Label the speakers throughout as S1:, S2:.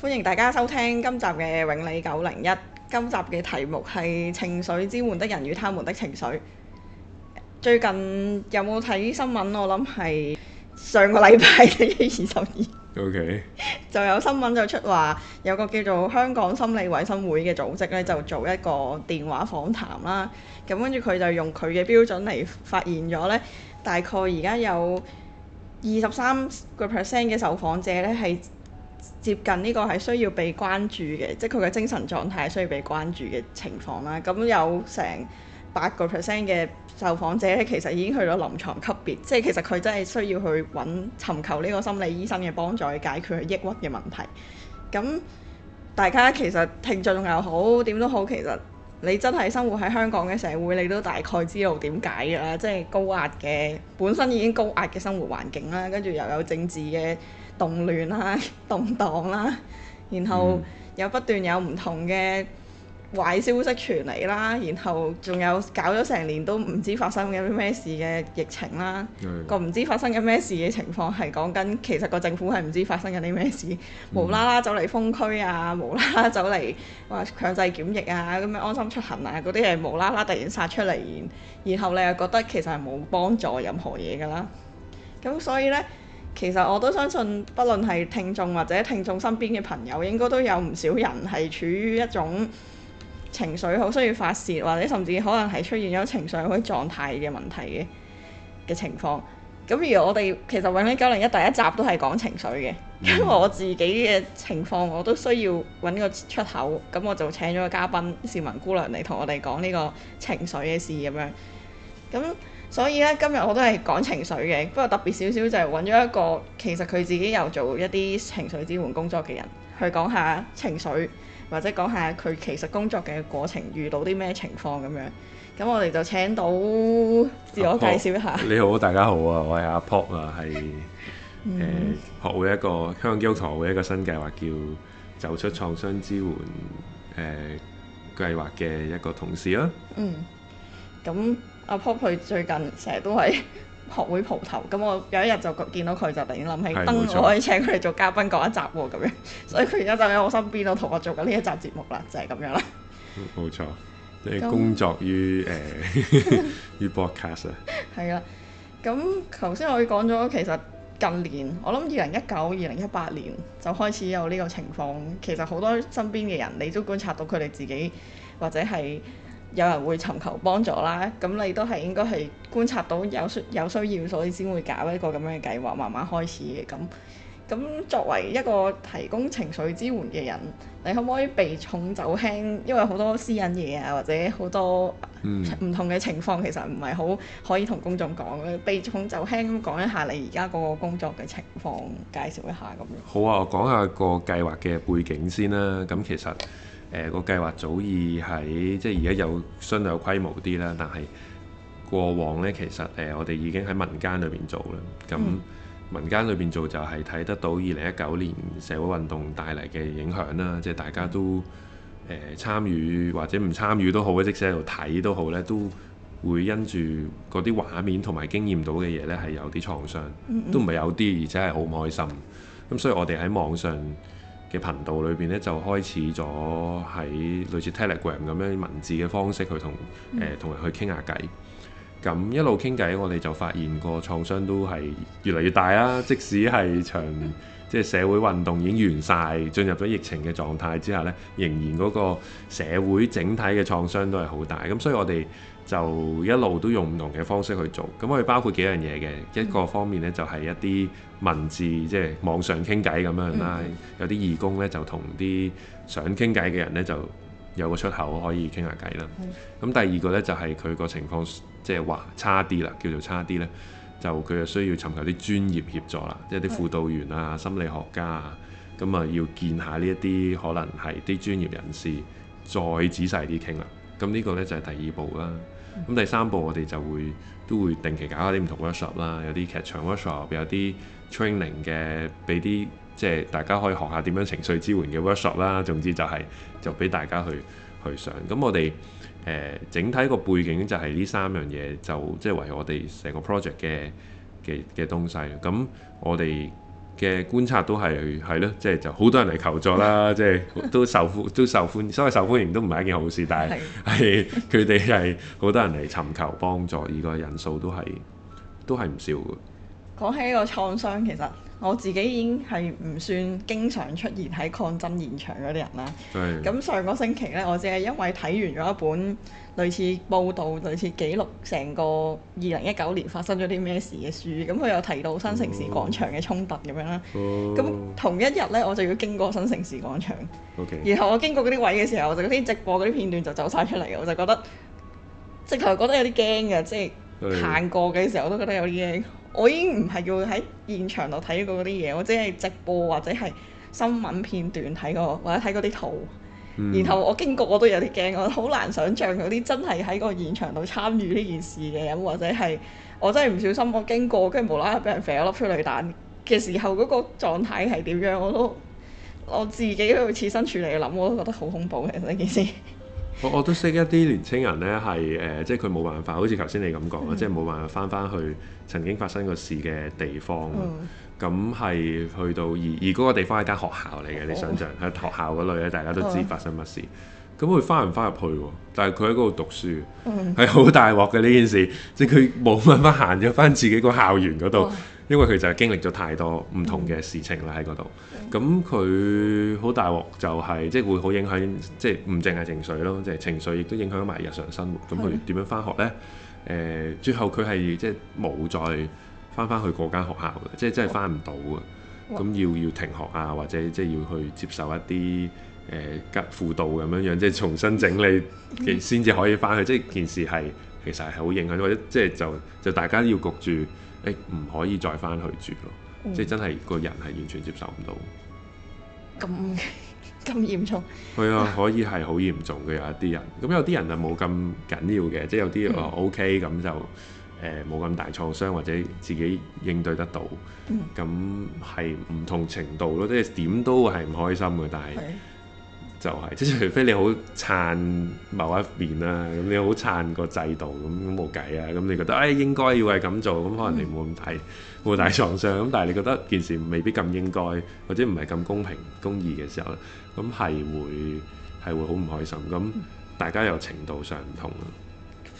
S1: 歡迎大家收聽今集嘅《永利九零一》，今集嘅題目係情緒支援的人與他們的情緒。最近有冇睇新聞？我諗係上個禮拜嘅二十二。OK。就有新聞就出話，有個叫做香港心理衛生會嘅組織咧，就做一個電話訪談啦。咁跟住佢就用佢嘅標準嚟發現咗呢，大概而家有二十三個 percent 嘅受訪者呢係。接近呢個係需要被關注嘅，即係佢嘅精神狀態需要被關注嘅情況啦。咁有成八個 percent 嘅受訪者其實已經去到臨床級別，即係其實佢真係需要去揾尋求呢個心理醫生嘅幫助去解決佢抑鬱嘅問題。咁大家其實聽眾又好，點都好，其實你真係生活喺香港嘅社會，你都大概知道點解㗎啦，即係高壓嘅本身已經高壓嘅生活環境啦，跟住又有政治嘅。動亂啦、啊、動盪啦、啊，然後又不斷有唔同嘅壞消息傳嚟啦、啊，然後仲有搞咗成年都唔知發生緊咩事嘅疫情啦、啊，嗯、個唔知發生緊咩事嘅情況係講緊其實個政府係唔知發生緊啲咩事，無啦啦走嚟封區啊，無啦啦走嚟話強制檢疫啊，咁樣安心出行啊嗰啲嘢無啦啦突然殺出嚟，然後你又覺得其實係冇幫助任何嘢㗎啦，咁所以呢。其實我都相信，不論係聽眾或者聽眾身邊嘅朋友，應該都有唔少人係處於一種情緒好需要發泄，或者甚至可能係出現咗情緒好啲狀態嘅問題嘅嘅情況。咁而我哋其實《永安九零一》第一集都係講情緒嘅，因為我自己嘅情況我都需要揾個出口，咁我就請咗個嘉賓市民姑娘嚟同我哋講呢個情緒嘅事咁樣。咁所以咧，今日我都係講情緒嘅，不過特別少少就係揾咗一個其實佢自己又做一啲情緒支援工作嘅人去講下情緒，或者講下佢其實工作嘅過程遇到啲咩情況咁樣。咁我哋就請到自我介紹一下。
S2: 你好，大家好啊！我係阿 Pop 啊，係誒學會一個香港基督徒學會一個新計劃叫走出創傷支援誒、呃、計劃嘅一個同事啦、啊。嗯。
S1: 咁。阿 Pop 佢最近成日都喺學會蒲頭，咁我有一日就見到佢就突然諗起，等我可以請佢嚟做嘉賓嗰一集喎、哦，咁樣，所以佢而家就喺我身邊度同我做緊呢一集節目啦，就係、是、咁樣啦。
S2: 冇錯，你工作於誒於 broadcast 啊 。
S1: 係啊，咁頭先我講咗，其實近年我諗二零一九、二零一八年就開始有呢個情況，其實好多身邊嘅人你都觀察到佢哋自己或者係。有人會尋求幫助啦，咁你都係應該係觀察到有需有需要，所以先會搞一個咁樣嘅計劃，慢慢開始嘅。咁咁作為一個提供情緒支援嘅人，你可唔可以避重就輕？因為好多私隱嘢啊，或者好多唔同嘅情況，其實唔係好可以同公眾講。嗯，避重就輕咁講一下你而家個工作嘅情況，介紹一下咁樣。
S2: 好啊，我講下個計劃嘅背景先啦。咁其實誒、呃那個計劃早已喺即係而家有相對有規模啲啦，但係過往呢，其實誒、呃、我哋已經喺民間裏邊做啦。咁、嗯、民間裏邊做就係睇得到二零一九年社會運動帶嚟嘅影響啦，即、就、係、是、大家都誒、呃、參與或者唔參與都好，即使喺度睇都好咧，都會因住嗰啲畫面同埋經驗到嘅嘢呢係有啲創傷，嗯嗯都唔係有啲，而且係好唔開心。咁所以我哋喺網上嘅頻道裏邊咧，就開始咗喺類似 Telegram 咁樣文字嘅方式去同誒同人去傾下偈。咁一路傾偈，我哋就發現個創傷都係越嚟越大啦、啊。即使係場即係社會運動已經完晒，進入咗疫情嘅狀態之下呢，仍然嗰個社會整體嘅創傷都係好大。咁所以我哋。就一路都用唔同嘅方式去做，咁佢包括幾樣嘢嘅。一個方面呢，就係、是、一啲文字，即係網上傾偈咁樣啦。Mm hmm. 有啲義工呢，就同啲想傾偈嘅人呢，就有個出口可以傾下偈啦。咁、mm hmm. 第二個呢，就係佢個情況，即係話差啲啦，叫做差啲呢，就佢就需要尋求啲專業協助啦，mm hmm. 即係啲輔導員啊、心理學家啊，咁啊要見下呢一啲可能係啲專業人士再仔細啲傾啦。咁呢個呢，就係、是、第二步啦。咁第三步我哋就會都會定期搞下啲唔同 workshop 啦，有啲劇場 workshop，有啲 training 嘅，俾啲即係大家可以學下點樣情緒支援嘅 workshop 啦。總之就係、是、就俾大家去去上。咁我哋誒、呃、整體個背景就係呢三樣嘢，就即係為我哋成個 project 嘅嘅嘅東西。咁、就是、我哋。嘅觀察都係係咯，即係就好多人嚟求助啦， 即係都受都受歡，都受歡迎所謂受歡迎都唔係一件好事，但係係佢哋係好多人嚟尋求幫助，而、這個人數都係都係唔少嘅。
S1: 講起呢個創傷，其實。我自己已經係唔算經常出現喺抗爭現場嗰啲人啦。咁對上個星期呢，我只係因為睇完咗一本類似報道、類似記錄成個二零一九年發生咗啲咩事嘅書，咁佢又提到新城市廣場嘅衝突咁樣啦。咁、oh. oh. 同一日呢，我就要經過新城市廣場。Okay. 然後我經過嗰啲位嘅時候，就嗰啲直播嗰啲片段就走晒出嚟。我就覺得，直頭覺得有啲驚嘅，即係行過嘅時候我都覺得有啲驚。對我已經唔係要喺現場度睇過嗰啲嘢，我只係直播或者係新聞片段睇過，或者睇嗰啲圖。嗯、然後我經過我，我都有啲驚，我好難想像嗰啲真係喺個現場度參與呢件事嘅，咁或者係我真係唔小心我經過，跟住無啦啦俾人揈咗粒催淚彈嘅時候，嗰、嗰個狀態係點樣？我都我自己去設身處地嚟諗，我都覺得好恐怖嘅呢件事。
S2: 我，我都識一啲年青人呢係誒、呃，即係佢冇辦法，好似頭先你咁講啊，嗯、即係冇辦法翻翻去曾經發生過事嘅地方。咁係、嗯嗯、去到而而嗰個地方係間學校嚟嘅，哦、你想像喺學校嗰類咧，大家都知發生乜事。咁佢翻唔翻入去？但係佢喺嗰度讀書，係好大鑊嘅呢件事，即係佢冇辦法行咗翻自己個校園嗰度。嗯嗯。因為佢就係經歷咗太多唔同嘅事情啦喺嗰度，咁佢好大鑊就係即係會好影響即係唔淨係情緒咯，即係情緒亦都影響埋日常生活。咁佢點樣翻學呢？誒、呃，最後佢係即係冇再翻翻去嗰間學校嘅，即係真係翻唔到啊！咁哇要要停學啊，或者即係要去接受一啲誒家輔導咁樣樣，即係重新整理先至可以翻去。即係件事係其實係好影響，或者即係就就，就大家要焗住。唔可以再翻去住咯，嗯、即係真係個人係完全接受唔到，
S1: 咁咁嚴重。
S2: 係啊，可以係好嚴重嘅有一啲人，咁有啲人就冇咁緊要嘅，即係有啲哦、嗯啊、OK 咁就誒冇咁大創傷，或者自己應對得到。咁係唔同程度咯，即係點都係唔開心嘅，但係。就係即係，除非你好撐某一邊啦，咁你好撐個制度，咁咁冇計啊！咁你覺得誒應該要係咁做，咁可能你冇咁大冇咁大創傷。咁但係你覺得件事未必咁應該，或者唔係咁公平公義嘅時候咧，咁係會係會好唔開心。咁大家有程度上唔同啊。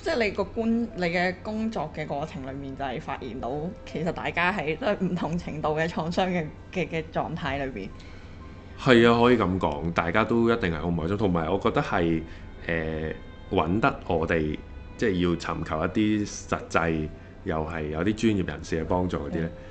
S1: 即係你個官，你嘅工作嘅過程裏面就係發現到，其實大家係都係唔同程度嘅創傷嘅嘅嘅狀態裏邊。
S2: 係啊，可以咁講，大家都一定係好唔開心。同埋我覺得係誒搵得我哋，即係要尋求一啲實際，又係有啲專業人士嘅幫助嗰啲咧。嗯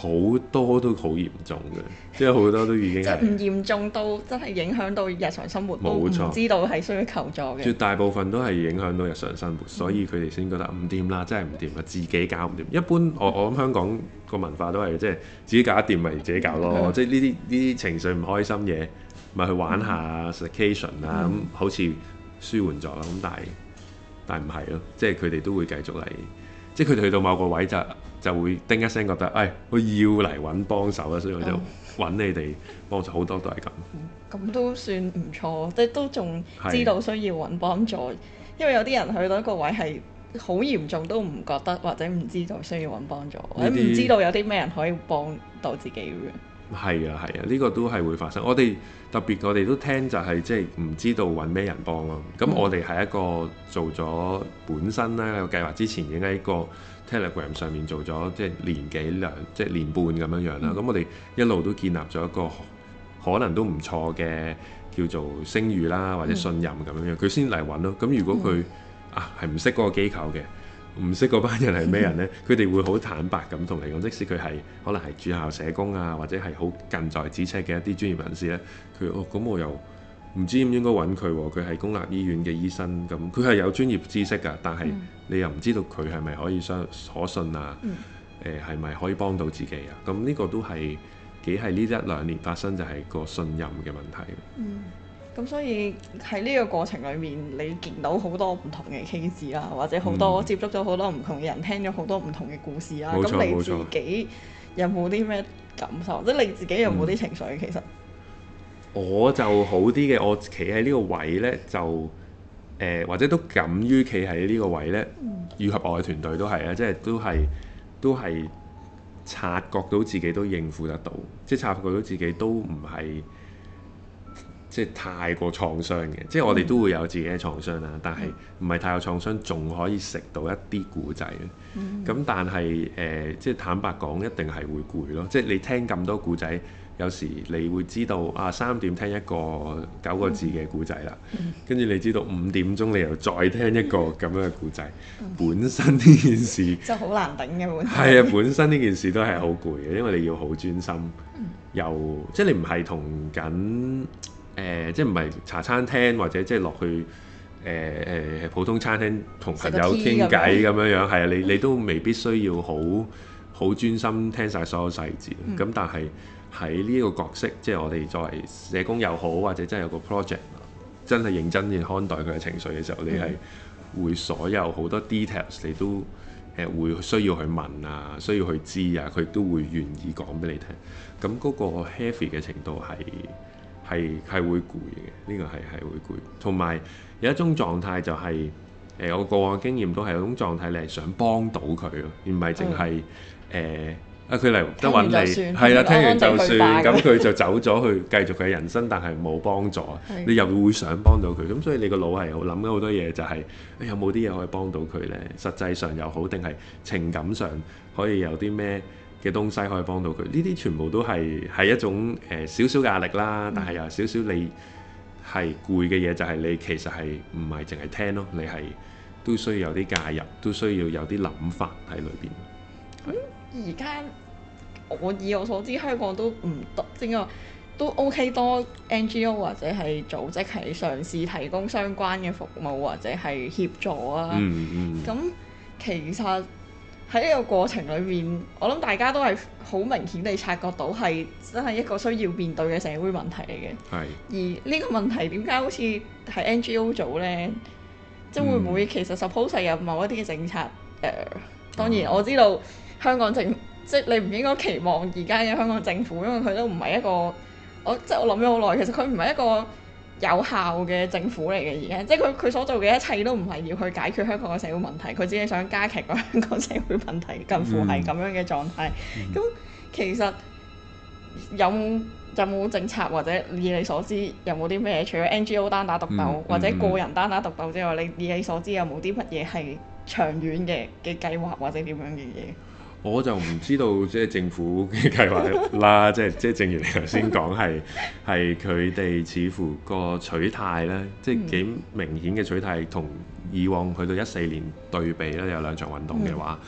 S2: 好多都好嚴重嘅，即係好多都已經唔 嚴
S1: 重到，真係影響到日常生活。冇錯，知道係需要求助嘅。絕
S2: 大部分都係影響到日常生活，嗯、所以佢哋先覺得唔掂啦，真係唔掂啦，自己搞唔掂。一般我我諗香港個文化都係即係自己搞得掂咪自己搞咯，嗯、即係呢啲呢啲情緒唔開心嘢咪去玩下 situation 啊咁，好似舒緩咗啦。咁但係但係唔係咯，即係佢哋都會繼續嚟。即係佢哋去到某個位就就會叮一聲，覺得「唉，我要嚟揾幫手啊！」所以我就揾你哋幫助，好多都係咁。
S1: 咁、嗯、都算唔錯，即係都仲知道需要揾幫助，因為有啲人去到一個位係好嚴重都唔覺得或者唔知道需要揾幫助，些或者唔知道有啲咩人可以幫到自己。
S2: 係啊係啊，呢、這個都係會發生。我哋特別，我哋都聽就係、是、即係唔知道揾咩人幫咯。咁我哋係一個做咗本身咧、嗯、個計劃之前已經喺個 Telegram 上面做咗即係年幾兩即係年半咁樣樣啦。咁、嗯、我哋一路都建立咗一個可能都唔錯嘅叫做聲譽啦或者信任咁樣樣，佢先嚟揾咯。咁如果佢、嗯、啊係唔識嗰個機構嘅。唔識嗰班人係咩人呢？佢哋 會好坦白咁同你講，即使佢係可能係駐校社工啊，或者係好近在咫尺嘅一啲專業人士呢，佢，哦，咁我又唔知應唔應該揾佢喎？佢係公立醫院嘅醫生，咁佢係有專業知識㗎，但係你又唔知道佢係咪可以相可信啊？誒係咪可以幫到自己啊？咁呢個都係幾係呢一兩年發生就係個信任嘅問題。
S1: 咁所以喺呢個過程裏面，你見到好多唔同嘅 case 啊，或者好多接觸咗好多唔同嘅人，聽咗好多唔同嘅故事啊。咁、嗯、你自己有冇啲咩感受？嗯、即係你自己有冇啲情緒？其實
S2: 我就好啲嘅，我企喺呢個位呢，就誒、呃、或者都敢於企喺呢個位呢。配合我嘅團隊都係啊，即係都係都係察覺到自己都應付得到，即係察覺到自己都唔係。即係太過創傷嘅，即係我哋都會有自己嘅創傷啦。嗯、但係唔係太有創傷，仲可以食到一啲古仔嘅。咁、嗯、但係誒、呃，即係坦白講，一定係會攰咯。即係你聽咁多古仔，有時你會知道啊，三點聽一個九個字嘅古仔啦，跟住、嗯、你知道五點鐘你又再聽一個咁樣嘅古仔。本身呢件事
S1: 真係好難頂嘅，本身係啊，本
S2: 身呢件事都係好攰嘅，嗯、因為你要好專心，又、嗯、即係你唔係同緊。誒、呃、即係唔係茶餐廳或者即係落去誒誒、呃呃、普通餐廳同朋友傾偈咁樣樣係啊，嗯、你你都未必需要好好專心聽晒所有細節。咁、嗯、但係喺呢一個角色，即係我哋作為社工又好，或者真係有個 project，真係認真去看待佢嘅情緒嘅時候，嗯、你係會所有好多 details 你都誒、呃、會需要去問啊，需要去知啊，佢都會願意講俾你聽。咁、那、嗰個 heavy 嘅程度係。係係會攰嘅，呢、呢個係係會攰。同埋有，有一種狀態就係、是，誒、呃，我過往經驗都係有種狀態，你係想幫到佢咯，而唔係淨係誒，啊佢嚟得搵你，係啦，聽完就算，咁佢就走咗去繼續佢嘅人生，但係冇幫助。 你又會想幫到佢，咁所以你個腦係諗咗好多嘢、就是，就、哎、係有冇啲嘢可以幫到佢咧？實際上又好定係情感上可以有啲咩？嘅東西可以幫到佢，呢啲全部都係係一種誒少少壓力啦，但係又少少你係攰嘅嘢，就係你其實係唔係淨係聽咯，你係都需要有啲介入，都需要有啲諗法喺裏邊。
S1: 而家、嗯、我以我所知，香港都唔得，應該都 OK 多 NGO 或者係組織係嘗試提供相關嘅服務或者係協助啊。嗯嗯。咁、嗯、其實。喺呢個過程裏面，我諗大家都係好明顯地察覺到係真係一個需要面對嘅社會問題嚟嘅。係。而呢個問題點解好似係 NGO 做呢？即係、嗯、會唔會其實 suppose 有某一啲嘅政策？誒、uh，當然我知道香港政、嗯、即係你唔應該期望而家嘅香港政府，因為佢都唔係一個。我即係我諗咗好耐，其實佢唔係一個。有效嘅政府嚟嘅，而家即係佢佢所做嘅一切都唔係要去解決香港嘅社會問題，佢只係想加劇個香港社會問題，近乎係咁樣嘅狀態。咁、mm hmm. 其實有冇有冇政策或者以你所知有冇啲咩？除咗 NGO 單打獨鬥、mm hmm. 或者個人單打獨鬥之外，你以你所知有冇啲乜嘢係長遠嘅嘅計劃或者點樣嘅嘢？
S2: 我就唔知道即係、就是、政府嘅計劃啦，即係即係正如你頭先講係，係佢哋似乎個取態咧，嗯、即係幾明顯嘅取態，同以往去到一四年對比咧，有兩場運動嘅話，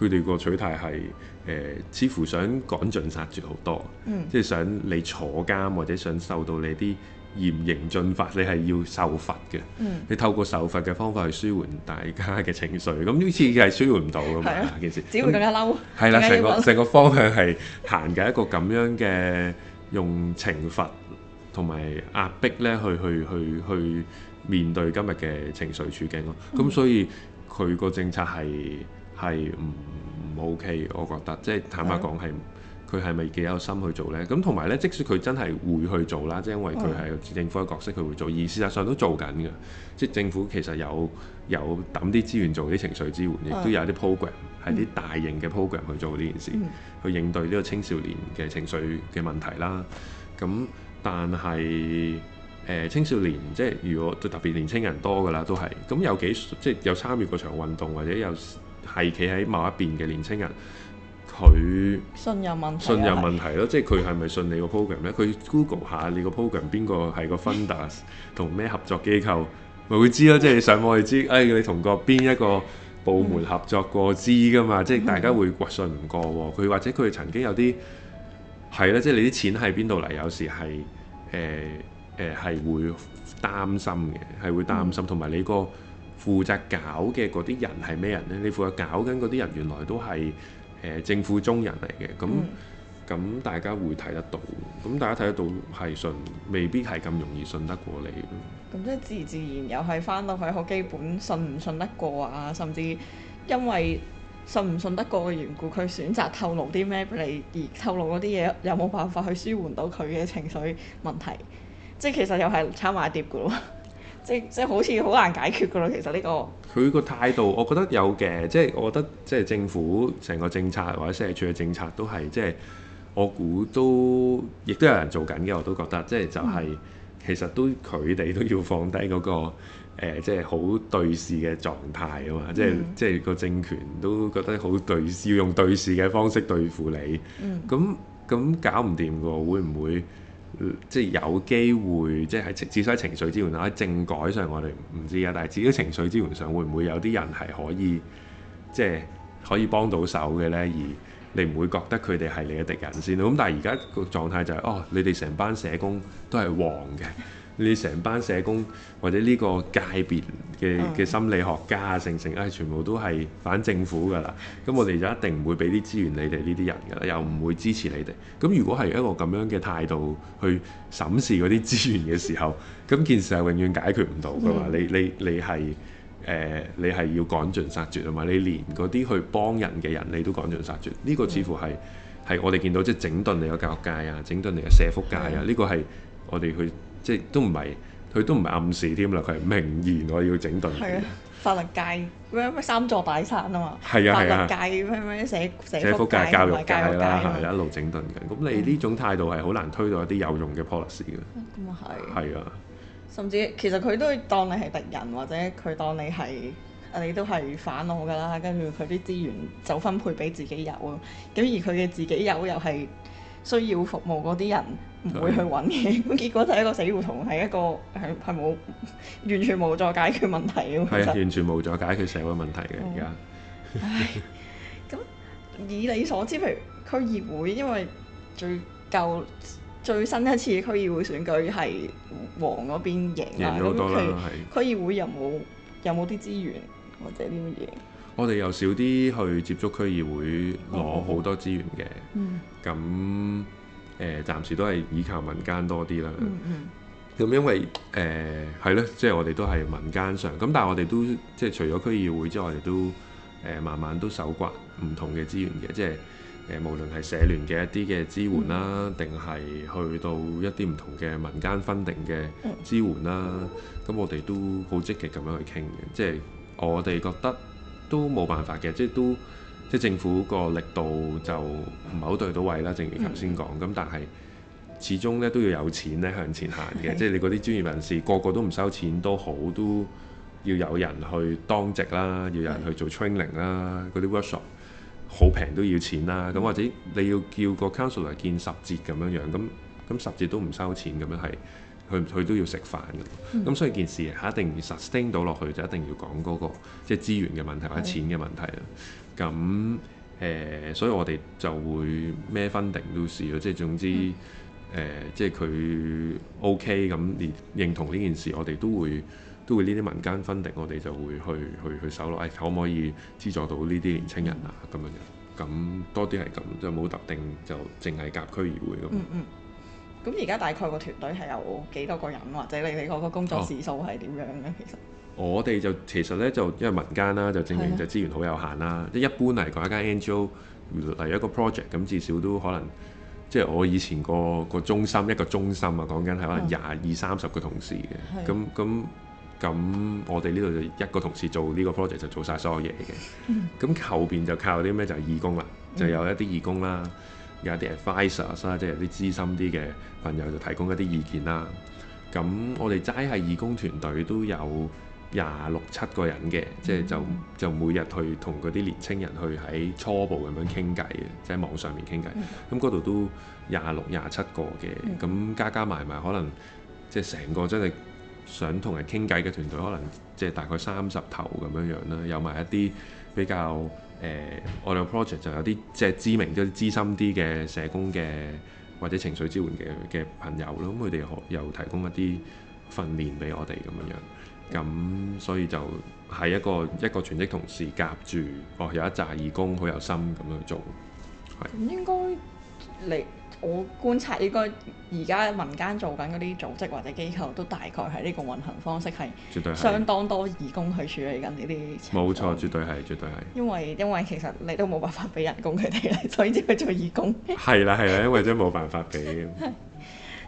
S2: 佢哋個取態係誒似乎想趕盡殺絕好多，嗯、即係想你坐監或者想受到你啲。嚴刑峻法，你係要受罰嘅。嗯、你透過受罰嘅方法去舒緩大家嘅情緒，咁呢次係舒緩唔到㗎嘛件事。啊、其實只會更加
S1: 嬲。係啦、嗯，成、啊、個成個
S2: 方向係行緊一個咁樣嘅用懲罰同埋壓迫，咧，去去去去，去面對今日嘅情緒處境咯。咁、嗯、所以佢個政策係係唔唔 OK，我覺得即係坦白講係。嗯佢係咪幾有心去做呢？咁同埋呢，即使佢真係會去做啦，即係因為佢係政府嘅角色，佢會做，而事實上都做緊嘅。即係政府其實有有揼啲資源做啲情緒支援，亦都有啲 program 係啲、嗯、大型嘅 program 去做呢件事，嗯、去應對呢個青少年嘅情緒嘅問題啦。咁、嗯、但係誒、呃、青少年即係如果特別年青人多㗎啦，都係咁有幾即係有參與過場運動或者有係企喺某一邊嘅年青人。佢
S1: 信任問題信任問
S2: 題咯，啊、即係佢係咪信你個 program 咧？佢 Google 下你個 program, 個 program，邊個係個 funders 同咩 合作機構，咪會知咯？即係上網去知，哎，你同過邊一個部門合作過，嗯、知噶嘛？即係大家會信唔過，佢、嗯、或者佢曾經有啲係咧，即係你啲錢喺邊度嚟？有時係誒誒，係、呃呃、會擔心嘅，係會擔心。同埋、嗯、你個負責搞嘅嗰啲人係咩人咧？你負責搞緊嗰啲人原來都係。誒政府中人嚟嘅，咁咁、嗯、大家會睇得到，咁大家睇得到係信，未必係咁容易信得過你。
S1: 咁即係自自然又係翻到去好基本，信唔信得過啊？甚至因為信唔信得過嘅緣故，佢選擇透露啲咩畀你，而透露嗰啲嘢有冇辦法去舒緩到佢嘅情緒問題？即係其實又係炒埋一碟噶咯。即即好似好難解決噶咯，其實呢、這個
S2: 佢個態度，我覺得有嘅，即係我覺得即係政府成個政策或者社處嘅政策都係，即係我估都亦都有人做緊嘅，我都覺得即係就係、是嗯、其實都佢哋都要放低嗰、那個、呃、即係好對視嘅狀態啊嘛，即係、嗯、即係個政權都覺得好對視，要用對視嘅方式對付你，咁咁、嗯、搞唔掂嘅會唔會？即係有機會，即係喺至少喺情緒支援上，喺政改上，我哋唔知啊，但係至於情緒支援上，會唔會有啲人係可以即係可以幫到手嘅呢？而你唔會覺得佢哋係你嘅敵人先咯，咁但係而家個狀態就係，哦，你哋成班社工都係黃嘅，你哋成班社工或者呢個界別嘅嘅心理學家啊，成成啊，全部都係反政府㗎啦，咁我哋就一定唔會俾啲資源你哋呢啲人㗎啦，又唔會支持你哋，咁如果係一個咁樣嘅態度去審視嗰啲資源嘅時候，咁件事係永遠解決唔到㗎嘛，你你你係。誒、呃，你係要趕盡殺絕啊嘛！你連嗰啲去幫人嘅人，你都趕盡殺絕。呢、這個似乎係係、嗯、我哋見到，即係整頓你，教整頓你、嗯、個教育界啊，整頓你嘅社福界啊。呢個係我哋去即係都唔係，佢都唔係暗示添啦。佢係明言我要整頓。係、嗯、
S1: 啊，法律界咩咩三座大山啊嘛，係啊係啊，法律界咩咩社社福界教育界啦，係
S2: 一路整頓緊。咁你呢種態度係好難推到一啲有用嘅 policy 嘅。咁又係。
S1: 就是、係啊。甚至其實佢都當你係敵人，或者佢當你係，你都係反我㗎啦。跟住佢啲資源就分配俾自己友。咁而佢嘅自己友又係需要服務嗰啲人，唔會去揾嘅。咁的結果就係一個死胡同，係一個係係冇完全冇助解決問題嘅。啊的，實完全
S2: 冇助解決社會問題嘅而家。唉，
S1: 咁以你所知，譬如區議會，因為最舊。最新一次區議會選舉係黃嗰邊贏咗好多啦，咁佢區議會有冇有冇啲是資源或者啲乜嘢？
S2: 我哋又少啲去接觸區議會攞好多資源嘅，咁誒、嗯嗯呃、暫時都係倚靠民間多啲啦。咁、嗯嗯、因為誒係咧，即、呃、係、就是、我哋都係民間上，咁但係我哋都即係、就是、除咗區議會之外，我哋都誒、呃、慢慢都搜刮唔同嘅資源嘅，即、就、係、是。誒，無論係社聯嘅一啲嘅支援啦，定係去到一啲唔同嘅民間分定嘅支援啦，咁、嗯、我哋都好積極咁樣去傾嘅。即係我哋覺得都冇辦法嘅，即係都即係政府個力度就唔係好對到位啦。正如頭先講咁，嗯、但係始終咧都要有錢咧向前行嘅。即係、嗯、你嗰啲專業人士個個都唔收錢都好，都要有人去當值啦，要有人去做 training 啦、嗯，嗰啲 workshop。好平都要錢啦，咁、嗯、或者你要叫個 counselor 見十節咁樣樣，咁咁十節都唔收錢咁樣係，佢佢都要食飯㗎。咁、嗯、所以件事係一定實聽到落去就一定要講嗰、那個即係資源嘅問題或者錢嘅問題啦。咁誒、嗯呃，所以我哋就會咩 funding 都試咯，即係總之誒、嗯呃，即係佢 OK 咁，認認同呢件事，我哋都會。都會呢啲民間分定，我哋就會去去去搜咯。可唔可以資助到呢啲年青人啊？咁樣嘅，咁多啲係咁，就冇特定，就淨係夾區議會咁。
S1: 咁而家大概個團隊係有幾多個人，或者你哋個個工作時數係點樣呢？其實
S2: 我哋就其實呢，就因為民間啦，就證明就資源好有限啦。即一般嚟講，一間 NGO，例如一個 project 咁，至少都可能即係我以前個個中心一個中心啊，講緊係可能廿二三十個同事嘅。咁咁。咁我哋呢度就一個同事做呢個 project 就做晒所有嘢嘅，咁、嗯、後邊就靠啲咩就是、義工啦，嗯、就有一啲義工啦，嗯、有啲 advisers 啦，即係有啲資深啲嘅朋友就提供一啲意見啦。咁我哋齋係義工團隊都有廿六七個人嘅，即係就是就，嗯、就每日去同嗰啲年青人去喺初步咁樣傾偈嘅，即、就、係、是、網上面傾偈。咁嗰度都廿六廿七個嘅，咁、嗯、加加埋埋可能即係成個真係。想同人傾偈嘅團隊，可能即係大概三十頭咁樣樣啦，有埋一啲比較誒、呃，我哋 project 就有啲即係知名啲、資、即係、深啲嘅社工嘅或者情緒支援嘅嘅朋友咯，咁佢哋可又提供一啲訓練俾我哋咁樣樣，咁所以就係一個一個全職同事夾住，哦有一紮義工好有心咁樣做，
S1: 係。咁應該我觀察應該而家民間做緊嗰啲組織或者機構都大概係呢個運行方式係，相當多義工去處理緊呢啲。
S2: 冇錯，絕對係，絕對係。
S1: 因為因為其實你都冇辦法俾人工佢哋，所以先去做義工。係
S2: 啦係啦，因為真係冇辦法俾。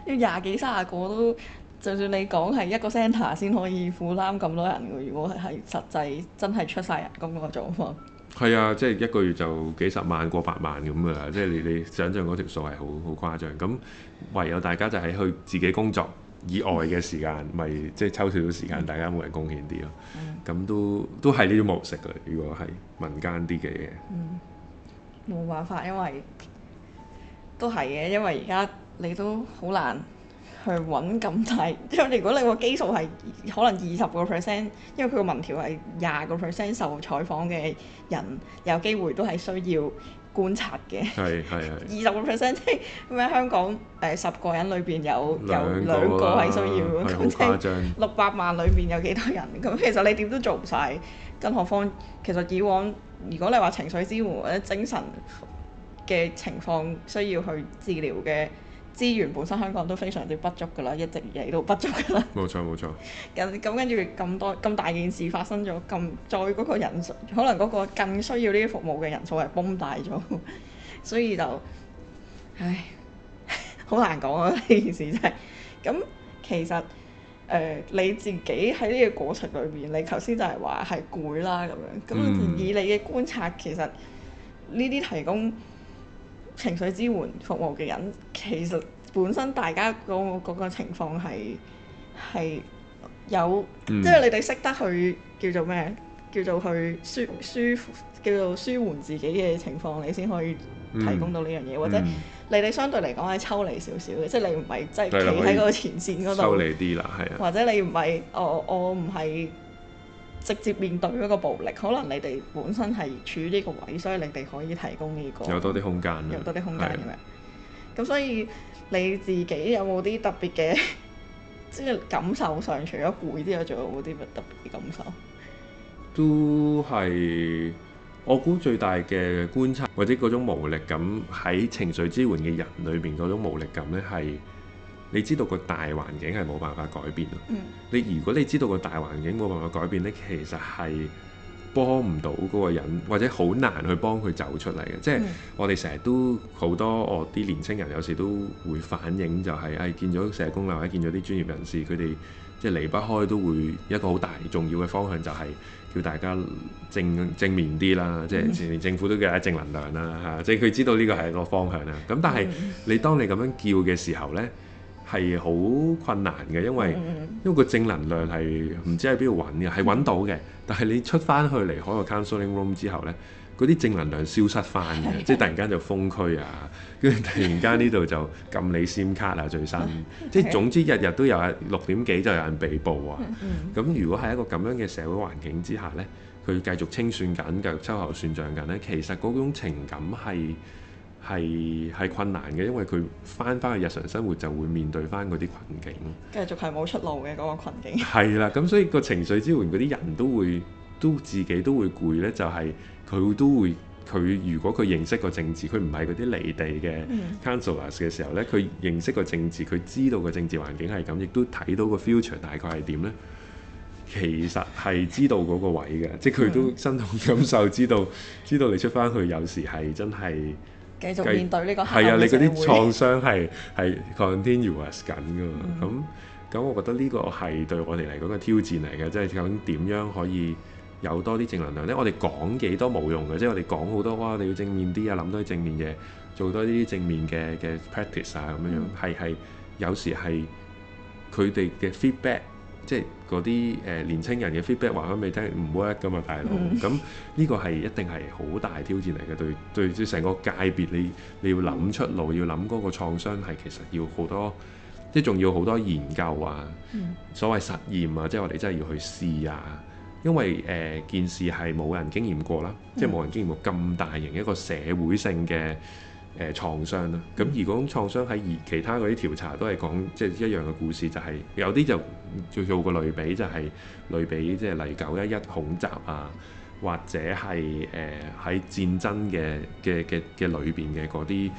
S1: 要廿幾三十個都，就算你講係一個 centre 先可以負擔咁多人，如果係實際真係出晒人工嗰種。
S2: 係啊，即係一個月就幾十萬、過百萬咁啊。即係你你想象嗰條數係好好誇張。咁唯有大家就係去自己工作以外嘅時、嗯、時間，咪即係抽少少時間，大家每人貢獻啲咯。咁、嗯、都都係呢種模式嘅。如果係民間啲嘅嘢，
S1: 冇、嗯、辦法，因為都係嘅。因為而家你都好難。去揾咁大，即係如果你話基數係可能二十個 percent，因為佢個民調係廿個 percent 受採訪嘅人有機會都係需要觀察嘅。
S2: 係係二
S1: 十個 percent 即係咩？香港誒十、呃、個人裏邊有有兩個係需要，咁即六百萬裏邊有幾多人？咁其實你點都做唔晒。更何況其實以往如果你話情緒支援或者精神嘅情況需要去治療嘅。資源本身香港都非常之不足㗎啦，一直以嚟都不足㗎啦。
S2: 冇錯，冇錯。咁
S1: 咁跟住咁多咁大件事發生咗，咁再嗰個人數，可能嗰個更需要呢啲服務嘅人數係崩大咗，所以就，唉，好難講啊。呢件事真係。咁 其實誒、呃、你自己喺呢個過程裏邊，你頭先就係話係攰啦咁樣。咁以你嘅觀察，其實呢啲提供，情緒支援服務嘅人，其實本身大家嗰個嗰個情況係係有，嗯、即係你哋識得去叫做咩，叫做去舒舒叫做舒緩自己嘅情況，你先可以提供到呢樣嘢，嗯、或者你哋相對嚟講係抽離少少嘅，嗯、即係你唔係即係企喺個前線嗰度，抽離
S2: 啲啦，係或
S1: 者你唔係，我我唔係。直接面對嗰個暴力，可能你哋本身係處於呢個位，所以你哋可以提供呢、這個有多啲
S2: 空間，有多啲空間咁樣。
S1: 咁的所以你自己有冇啲特別嘅，即係的感受上，除咗攰之外，仲有冇啲特別嘅感受？
S2: 都係我估最大嘅觀察，或者嗰種無力感喺情緒支援嘅人裏邊嗰種無力感咧，係。你知道個大環境係冇辦法改變咯。嗯、你如果你知道個大環境冇辦法改變呢，其實係幫唔到嗰個人，或者好難去幫佢走出嚟嘅。嗯、即係我哋成日都好多我啲年青人有時都會反映、就係，就係誒見咗社工或者見咗啲專業人士，佢哋即係離不開都會一個好大重要嘅方向，就係叫大家正正面啲啦。嗯、即係連政府都叫啊正能量啦，嚇、啊，即係佢知道呢個係個方向啦。咁、啊、但係你當你咁樣叫嘅時候呢。係好困難嘅，因為、mm hmm. 因為個正能量係唔知喺邊度揾嘅，係揾到嘅。但係你出翻去離開個 counseling room 之後呢，嗰啲正能量消失翻嘅， 即係突然間就封區啊，跟住突然間呢度就禁你先卡啊，最新
S1: 即係總之
S2: 日日都有六點幾就有人被捕啊。咁、mm hmm. 如果係一個咁樣嘅社會環境之下呢，佢繼續清算緊、繼續秋後算賬緊呢，其實嗰種情感係。係係困難嘅，因為佢翻返去日常生活就會面對翻嗰啲困境，
S1: 繼續係冇出路嘅嗰、嗰個困境。
S2: 係啦， 咁所以個情緒支援嗰啲人都會都自己都會攰呢。就係、係、佢都會佢如果佢認識個政治，佢唔係嗰啲離地嘅 counselors 嘅時候呢，佢認識個政治，佢知道個政治環境係咁，亦都睇到個 future 大概係點呢？其實係知道嗰個位嘅，即係佢都身同感受，知道 知道你出翻去有時係真係。
S1: 繼續面對呢個係啊，你嗰啲創傷
S2: 係係 continuous 緊噶嘛，咁咁、mm hmm. 我覺得呢個係對我哋嚟講嘅挑戰嚟嘅，即係究竟點樣可以有多啲正能量咧？我哋講幾多冇用嘅，即係我哋講好多哇，你要正面啲啊，諗多啲正面嘢，做多啲正面嘅嘅 practice 啊，咁樣樣係係有時係佢哋嘅 feedback。即係嗰啲誒年青人嘅 feedback 話返俾你聽，唔 work 㗎嘛，大佬，咁呢個係一定係好大挑戰嚟嘅。對對，即成個界別，你你要諗出路，mm hmm. 要諗嗰個創傷係其實要好多，即仲要好多研究啊，mm hmm. 所謂實驗啊，即係我哋真係要去試啊。因為誒、呃、件事係冇人經驗過啦，mm hmm. 即係冇人經驗過咁大型一個社會性嘅。誒創傷咯，咁如果創傷喺而其他嗰啲調查都係講即係、就是、一樣嘅故事，就係、是、有啲就要做個類比，就係、是、類比即係例如九一一恐襲啊，或者係誒喺戰爭嘅嘅嘅嘅裏邊嘅嗰啲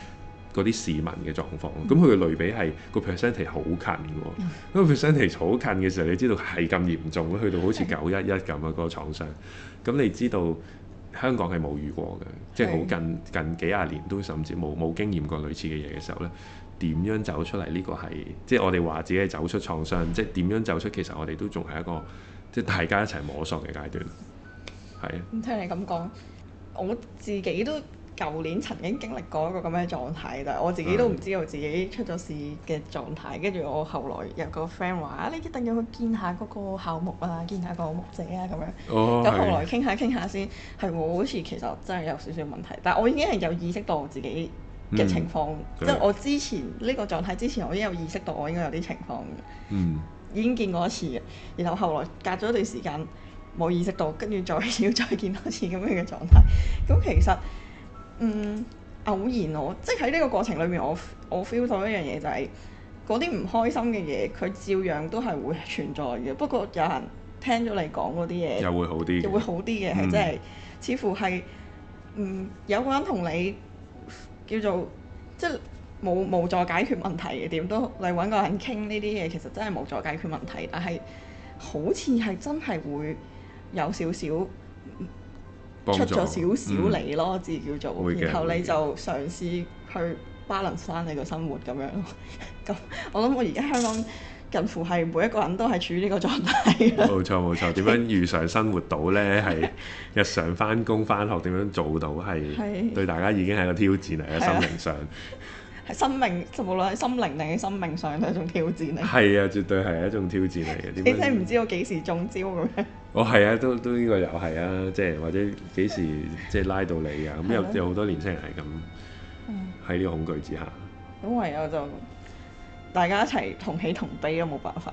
S2: 啲市民嘅狀況，咁佢嘅類比係個 percent 好近嘅，因為 percent 好近嘅時候，你知道係咁嚴重去到好似九一一咁嘅個創傷，咁你知道。香港係冇遇過嘅，即係好近近幾廿年都甚至冇冇經驗過類似嘅嘢嘅時候呢，點樣走出嚟呢個係，即係我哋話自己係走出創傷，嗯、即係點樣走出，其實我哋都仲係一個即係大家一齊摸索嘅階段。係
S1: 啊，聽你咁講，我自己都。舊年曾經經歷過一個咁嘅狀態，但係我自己都唔知道自己出咗事嘅狀態。跟住我後來有個 friend 話，你一定要去見下嗰個校木啊，見下個木姐啊，咁樣。咁、oh，後來傾下傾 yeah. 下，下先，係我好似其實真係有少少問題，但係我已經係有意識到我自己嘅情況。Mm hmm. 即係我之前呢 Yeah. 個狀態之前，我已經有意識到我應該有啲情況嗯。Mm hmm. 已經見過一次，然後後來隔咗一段時間冇意識到，跟住再要再見多次咁樣嘅狀態。咁其實。嗯，偶然我即喺呢個過程裏面，我我 feel 到一樣嘢就係嗰啲唔開心嘅嘢，佢照樣都係會存在嘅。不過有人聽咗你講嗰啲嘢，又
S2: 會好啲，嗯，又會好
S1: 啲嘅，係真係似乎係嗯有個人同你叫做即冇冇助解決問題嘅，點都你揾個人傾呢啲嘢，其實真係冇助解決問題，但係好似係真係會有少少。出咗少少力咯，嗯、自叫做，的然後你就嘗試去平衡返，你個生活咁樣。咁 我諗我而家香港近乎係每一個人都係處於呢個狀態。
S2: 冇錯冇錯，點樣日常生活到呢？係日常返工返學點樣做到？係對大家已經係個挑戰嚟嘅 的心靈上。
S1: 生命就無論喺心靈定喺生命上都係一種挑戰嚟。係
S2: 啊，絕對係一種挑戰嚟嘅。而且唔
S1: 知道幾時中招咁樣。
S2: 哦，係啊，都都呢個又係啊，即係或者幾時即係拉到你啊咁，有有好多年青人係咁喺呢個恐懼之下。
S1: 咁唯有就大家一齊同喜同悲咯，都冇辦法。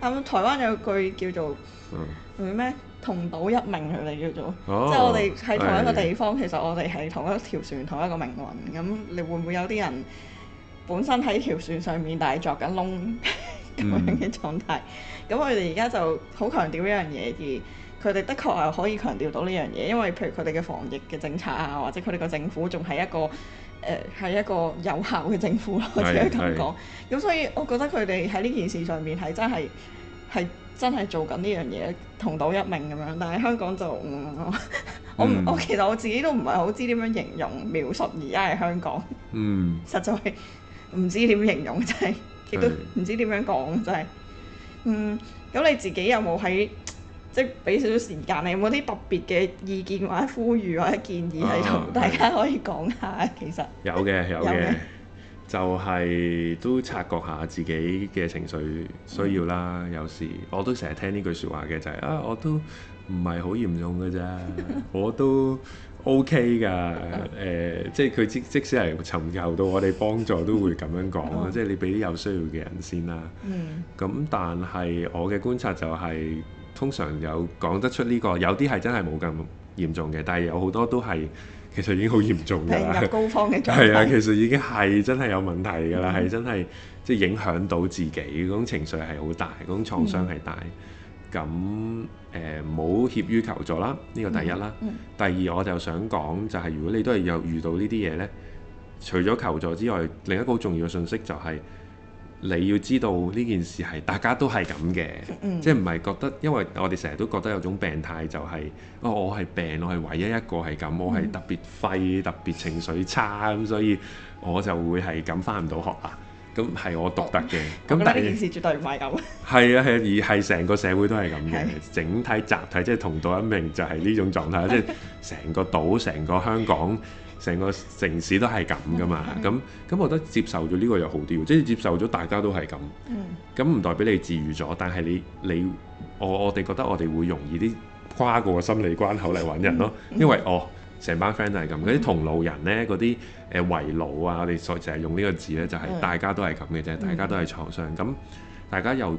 S1: 咁，台灣有句叫做嗯叫咩？同島一命佢哋叫做，oh, 即係我哋喺同一個地方，的其實我哋係同一條船，同一個命運，咁你會唔會有啲人本身喺條船上面，但係作緊窿咁樣嘅狀態，咁佢哋而家就好強調一樣嘢，而佢哋的確係可以強調到呢樣嘢，因為譬如佢哋嘅防疫嘅政策啊，或者佢哋個政府仲係一個誒係、呃、一個有效嘅政府咯，只可以咁講，咁的的所以我覺得佢哋喺呢件事上面係真係。係。真係做緊呢樣嘢，同島一命咁樣，但係香港就，我我其實我自己都唔係好知點樣形容描述而家係香港，嗯，實在係唔知點形容，真係亦都唔知點樣講，真係，嗯，咁你自己有冇喺，即係俾少少時間，你有冇啲特別嘅意見或者呼籲或者建議喺度、啊，的大家可以講下？其實
S2: 有嘅，有嘅。 就係都察覺下自己嘅情緒需要啦。嗯、有時我都成日聽呢句説話嘅、就係，就係啊，我都唔係好嚴重嘅啫，我都 OK 㗎。誒、 呃，即係佢即即使係尋求到我哋幫助，都會咁樣講 即係你俾啲有需要嘅人先啦。咁、嗯、但係我嘅觀察就係、係，通常有講得出呢、呢個，有啲係真係冇咁嚴重嘅，但係有好多都係。其實已經好嚴重㗎啦，
S1: 係啊，其
S2: 實已經係真係有問題㗎啦，係、嗯、真係即係影響到自己嗰種情緒係好大，嗰種創傷係大。咁唔好怯於求助啦，呢、呢個第一啦。嗯、第二，我就想講就係、係，如果你都係有遇到呢啲嘢呢，除咗求助之外，另一個好重要嘅信息就係、係。你要知道呢件事係大家都係咁嘅，嗯、即係唔係覺得，因為我哋成日都覺得有種病態、就是，就係哦，我係病，我係唯一一個係咁，嗯、我係特別廢，特別情緒差，咁所以我就會係咁翻唔到學啦。啊。咁係我獨特嘅，咁但係呢件事
S1: 絕對唔係咁。
S2: 係啊係啊，而係成個社會都係咁嘅， 整體集體即係同道一命就係呢種狀態，即係成個島、成個香港、成個城市都係咁噶嘛。咁咁， 我覺得接受咗呢個又好啲，即係接受咗大家都係咁。咁唔 代表你治愈咗，但係你你，你我我哋覺得我哋會容易啲跨過個心理關口嚟揾人咯， 因為哦。成班 friend 都係咁，嗰啲、mm hmm. 同路人呢，嗰啲誒圍爐啊，我哋所就係用呢個字呢，就係、是、大家都係咁嘅啫，mm hmm. 大家都係創傷。咁大家又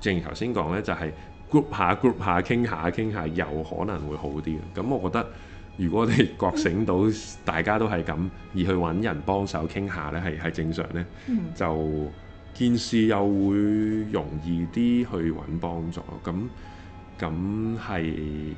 S2: 正如頭先講呢，就係、是、group 下 group 下傾下傾下，有可能會好啲嘅。咁我覺得，如果我哋覺醒到大家都係咁，mm hmm. 而去揾人幫手傾下呢，係係正常呢，mm hmm. 就件事又會容易啲去揾幫助。咁。咁係，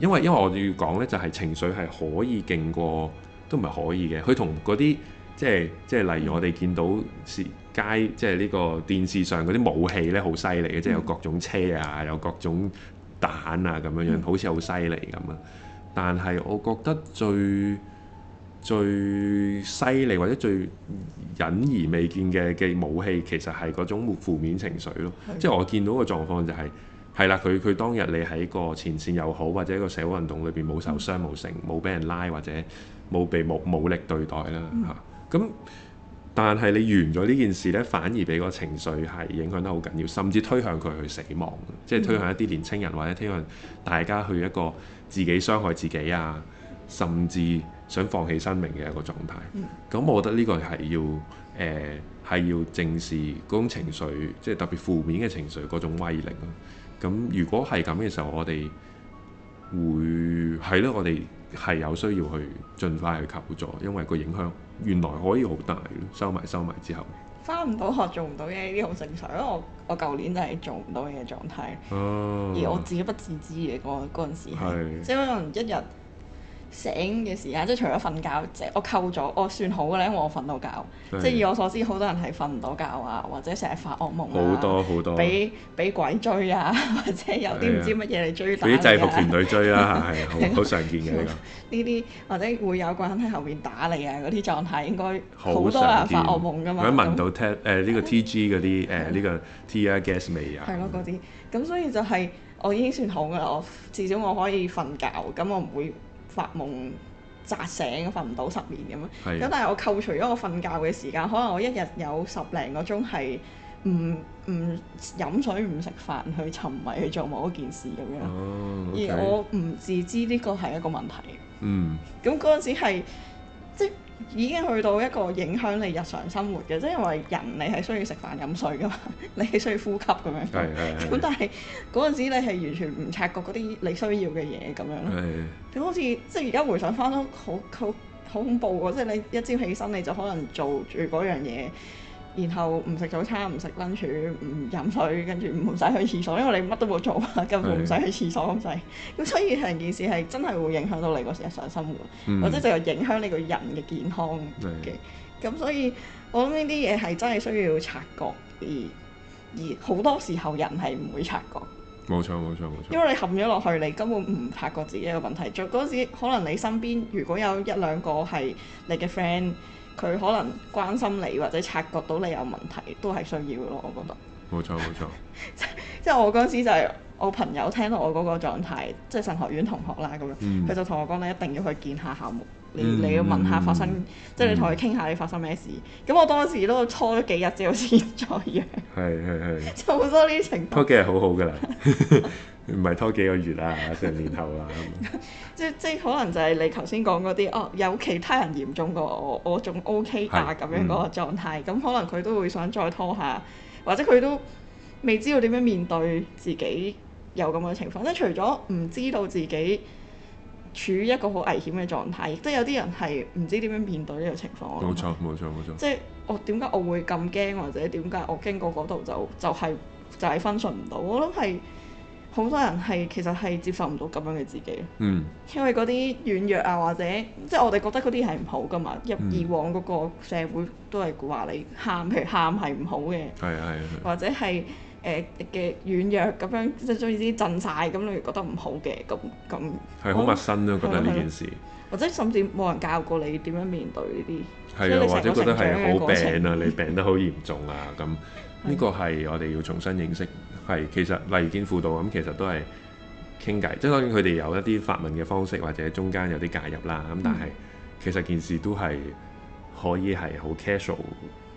S2: 因為因為我哋要講呢，就係、是、情緒係可以勁過，都唔係可以嘅。佢同嗰啲即係即係例如我哋見到街，即係呢個電視上嗰啲武器呢，好犀利嘅，即係有各種車啊，有各種彈啊咁樣樣，嗯、好似好犀利咁樣。但係我覺得最最犀利或者最隱而未見嘅嘅武器，其實係嗰種負面情緒咯。的即係我見到個狀況就係、是。係啦，佢佢、啊、當日你喺個前線又好，或者一個社會運動裏邊冇受傷、冇成、嗯、冇俾人拉，或者冇被武武力對待啦嚇。咁、嗯啊、但係你完咗呢件事咧，反而俾個情緒係影響得好緊要，甚至推向佢去死亡，即係、嗯、推向一啲年青人或者推向大家去一個自己傷害自己啊，甚至想放棄生命嘅一個狀態。咁、嗯、我覺得呢個係要誒係、呃、要正視嗰種情緒，即係、嗯、特別負面嘅情緒嗰種威力咯。咁如果係咁嘅時候，我哋會係咯，我哋係有需要去盡快去求助，因為個影響原來可以好大咯。收埋收埋之後，
S1: 翻唔到學，做唔到嘢，呢啲好正常。因為我我舊年就係做唔到嘢嘅狀態，
S2: 啊、而我自己
S1: 不自知嘅嗰嗰陣時係，即係的可能一日。醒嘅時間，即係除咗瞓覺，即我溝咗，我算好嘅咧，因為我瞓到覺。即係以我所知，好多人係瞓唔到覺啊，或者成日發惡夢啊，好多好多。俾俾鬼追啊，或者有啲唔知乜嘢嚟追。俾啲制服團隊
S2: 追啦，嚇係好常見嘅
S1: 呢啲，或者會有個人喺後面打你啊，嗰啲狀態應該好多人發惡夢㗎嘛。佢聞到
S2: T 誒呢個 T G 嗰啲誒呢個 T R gas 味啊。係
S1: 咯，嗰啲咁，所以就係我已經算好㗎啦。我至少我可以瞓覺，咁我唔會。發夢、扎醒、瞓唔到失眠。咁樣的，咁但係我扣除咗我瞓覺嘅時間，可能我一日有十零個鐘係唔唔飲水、唔食飯去沉迷去做某一件事咁樣，oh,
S2: okay. 而我
S1: 唔自知呢個係一個問題。
S2: 嗯，
S1: 咁嗰陣時係。已經去到一個影響你日常生活嘅，即係因為人你係需要食飯飲水噶嘛，你係需要呼吸咁對
S2: 樣。咁、嗯、但係
S1: 嗰陣時你係完全唔察覺嗰啲你需要嘅嘢咁樣。係對。點，好似即係而家回想翻都好好好恐怖喎！即係你一朝起身你就可能做住嗰樣嘢。然後唔食早餐，唔食 lunch，唔飲水，跟住唔使去廁所，因為你乜都冇做啊，根本唔使去廁所咁。是 所以成件事係真係會影響到你個日常生活，嗯、或者就係影響你個人嘅健康嘅。咁是 所以我諗呢啲嘢係真係需要察覺，而而好多時候人係唔會察覺。
S2: 冇錯冇錯冇錯，因
S1: 為你陷咗落去，你根本唔察覺自己嘅問題。就嗰陣時，可能你身邊如果有一兩個係你嘅 friend，佢可能關心你或者察覺到你有問題，都係需要嘅咯。我覺得。
S2: 冇錯冇錯，
S1: 即係 錯 我嗰陣時就係我朋友聽到我嗰個狀態，即係神學院同學啦咁樣，佢、嗯、就同我講你一定要去見下校牧。你你要問下發生，嗯、即係你同佢傾下你發生咩事。咁、嗯、我當時都拖咗幾日之後先再約。係係係。
S2: 就好
S1: 多呢啲情況。拖
S2: 幾日好好噶啦，唔係 拖幾個月啊，成 年頭啊。
S1: 即即可能就係你頭先講嗰啲，哦有其他人嚴重過我，我仲 OK 噶、啊、咁是樣嗰個狀態。咁、嗯、可能佢都會想再拖下，或者佢都未知道點樣面對自己有咁嘅情況。即係除咗唔知道自己。處於一個好危險嘅狀態，即係有啲人係唔知點樣面對呢個情況。冇錯，冇
S2: 吧錯，冇錯。即係
S1: 我點解我會咁驚，或者點解我經過嗰度就就係、是、就係欣賞唔到？我諗係好多人係其實係接受唔到咁樣嘅自己。嗯。因為嗰啲軟弱啊，或者即係我哋覺得嗰啲係唔好㗎嘛。入、嗯、以往嗰個社會都係話你喊，譬如喊係唔好嘅。
S2: 嗯、
S1: 或者係。誒嘅、呃、軟弱咁樣即係中意啲震晒，咁，你覺得唔好嘅咁咁，
S2: 係好陌生咯，覺得呢是件事是是
S1: 是是，或者甚至冇人教過你點樣面對呢啲，係啊的，整整或者覺得係好病
S2: 啊，你病得好嚴重啊咁，呢個係我哋要重新認識，係其實例如見輔導咁，其實都係傾偈，即係當然佢哋有一啲發問嘅方式或者中間有啲介入啦，咁、嗯、但係其實件事都係可以係好 casual。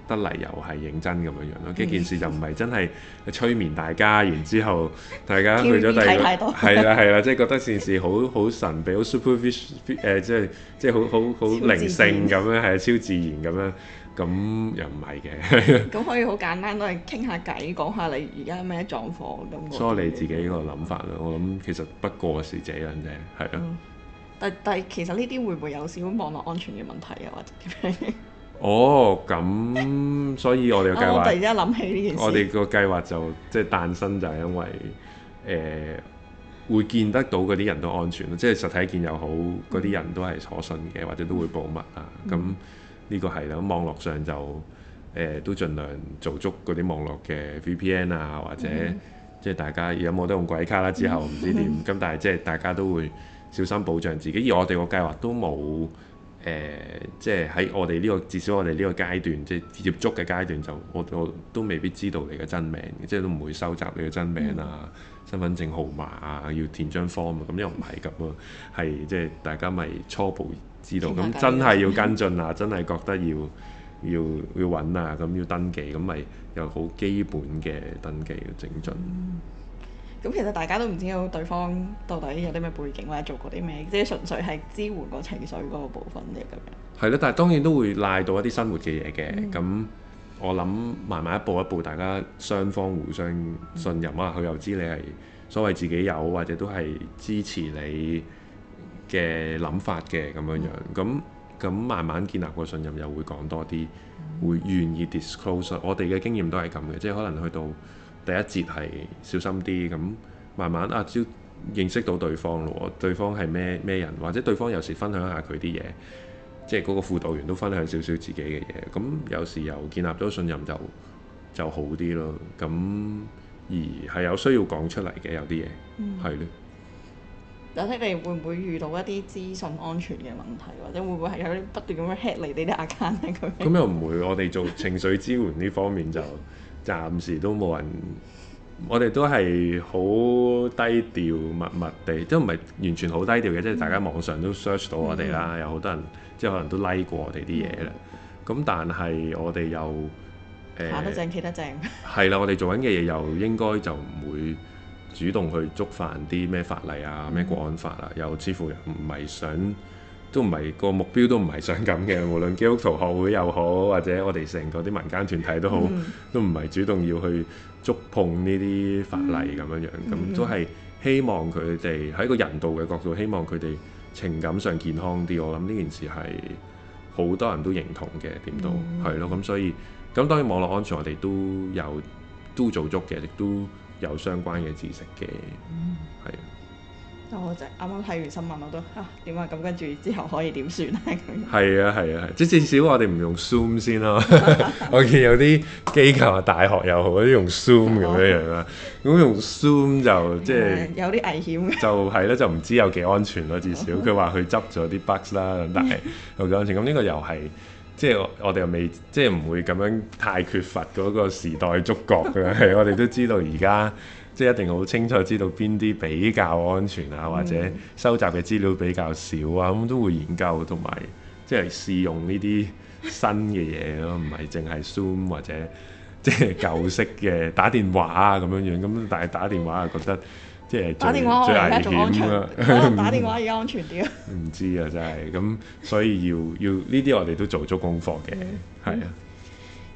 S2: 得嚟又係認真咁樣樣咯，跟件事就唔係真係催眠大家，然之後大家去咗第二，係啦係啦，即係覺得件事好好神秘，好 superficial 誒、呃，即係即係好好好靈性咁樣，係超自然咁樣，咁又唔係嘅。咁
S1: 可以好簡單都係傾下偈，講下你而家咩狀況咁。梳理你自
S2: 己個諗法啦，我諗其實不過是這樣啫，係 啊、嗯。
S1: 但但其實呢啲會唔會有少少網絡安全嘅問題啊，或者點樣？
S2: 哦，咁所以我哋嘅計劃， 我突然之
S1: 間諗起呢件事。我哋
S2: 個計劃就即係、就是、誕生就係因為誒、呃、會見得到嗰啲人都安全咯，即係實體見又好，嗰啲、嗯、人都係可信嘅，或者都會保密啊。咁呢、嗯、個係啦，網絡上就誒、呃、都盡量做足嗰啲網絡嘅 VPN 啊，或者、嗯、即係大家有冇得用鬼卡啦？之後唔、嗯、知點咁，嗯嗯、但係即係大家都會小心保障自己。而我哋個計劃都冇。誒、呃，即係喺我哋呢、呢個，至少我哋呢個階段，即係接觸嘅階段就，就我我都未必知道你嘅真名，即係都唔會收集你嘅真名、嗯、啊、身份證號碼啊，要填張 form 咁又唔係咁啊，係 即係大家咪初步知道。咁 真係要跟進啊，真係覺得要要要揾啊，咁要登記，咁咪又好基本嘅登記要整進。嗯
S1: 咁其實大家都唔知道對方到底有啲咩背景或者做過啲咩，即係純粹係支援個情緒嗰個部分嘅咁樣。
S2: 係咯， 但係當然都會賴到一啲生活嘅嘢嘅。咁我諗慢慢一步一步，大家雙方互相信任啊，佢 又知你係所謂自己有或者都係支持你嘅諗法嘅咁樣樣。咁咁慢慢建立個信任又會講多啲， 會願意 disclose。我哋嘅經驗都係咁嘅，即係可能去到。第一節係小心啲，咁慢慢阿朝、啊、認識到對方咯。對方係咩咩人，或者對方有時分享下佢啲嘢，即係嗰個輔導員都分享少少自己嘅嘢。咁有時又建立咗信任就就好啲咯。咁而係有需要講出嚟嘅，有啲嘢係咯。
S1: 有睇、嗯、的你會唔會遇到一啲資訊安全嘅問題，或者會唔會係有啲不斷咁樣 hack 你啲 account 佢？咁咁又唔
S2: 會， 我哋做情緒支援呢方面就。 暫時都冇人，我哋都係好低調，默默地都唔係完全好低調嘅，即係、嗯、大家網上都 search 到我哋啦，嗯、有好多人即係可能都 like 過我哋啲嘢啦。咁、嗯、但係我哋又誒行得正企、呃、得正係啦，我哋做緊嘅嘢又應該就唔會主動去觸犯啲咩法例啊，咩、嗯、國安法啦、啊，又似乎又唔係想。都唔係個目標，都唔係想咁嘅。無論基督徒學會又好，或者我哋成個啲民間團體都好，mm hmm. 都唔係主動要去觸碰呢啲法例咁樣樣。咁、mm hmm. 都係希望佢哋喺個人道嘅角度，希望佢哋情感上健康啲。我諗呢件事係好多人都認同嘅點都係咯。咁、mm hmm. 所以咁當然網絡安全我哋都有都做足嘅，亦都有相關嘅知識嘅，係、mm。Hmm.
S1: 我就啱啱睇完新聞，我都嚇點啊！咁、啊、跟住之後可以點算 啊？係
S2: 啊係啊係！即至少我哋唔用 Zoom 先咯。 我見有啲機構啊、大學又好，啲用 Zoom 咁樣樣啦。咁 用 Zoom 就即係
S1: 有啲危險嘅
S2: 啊。就係啦，就唔知有幾安全咯、啊。至少佢話佢執咗啲 box 啦，但係有幾安全？咁呢個又係即我我哋又未即唔會咁樣太缺乏嗰個時代觸覺㗎。係我哋都知道而家。即係一定好清楚知道邊啲比較安全啊，或者收集嘅資料比較少啊，咁都會研究同埋即係試用呢啲新嘅嘢咯，唔係淨係 Zoom 或者即係舊式嘅打電話啊咁樣樣。咁但係打電話又覺得即係打電話好最危險，打電話而家安全啲啊？唔 知啊，真係咁，所以要要呢啲我哋都做足功課嘅，係、嗯、啊。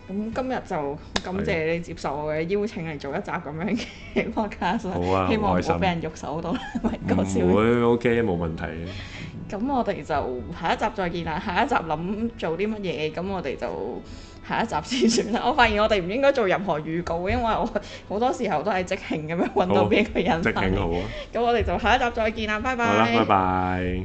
S1: 咁今日就感謝你接受我嘅邀請嚟做一集咁樣嘅 podcast。好啊，希望唔好俾人喐手到，唔
S2: 係講笑。唔會，OK，冇問題
S1: 嘅。咁我哋就下一集再見啦。下一集諗做啲乜嘢？咁我哋就下一集先算啦。我發現我哋唔應該做任何預告，因為我好多時候都係即興咁樣揾到邊個人。好是即興好啊。咁我哋就下一集再見啦，拜拜。好啦，拜
S2: 拜。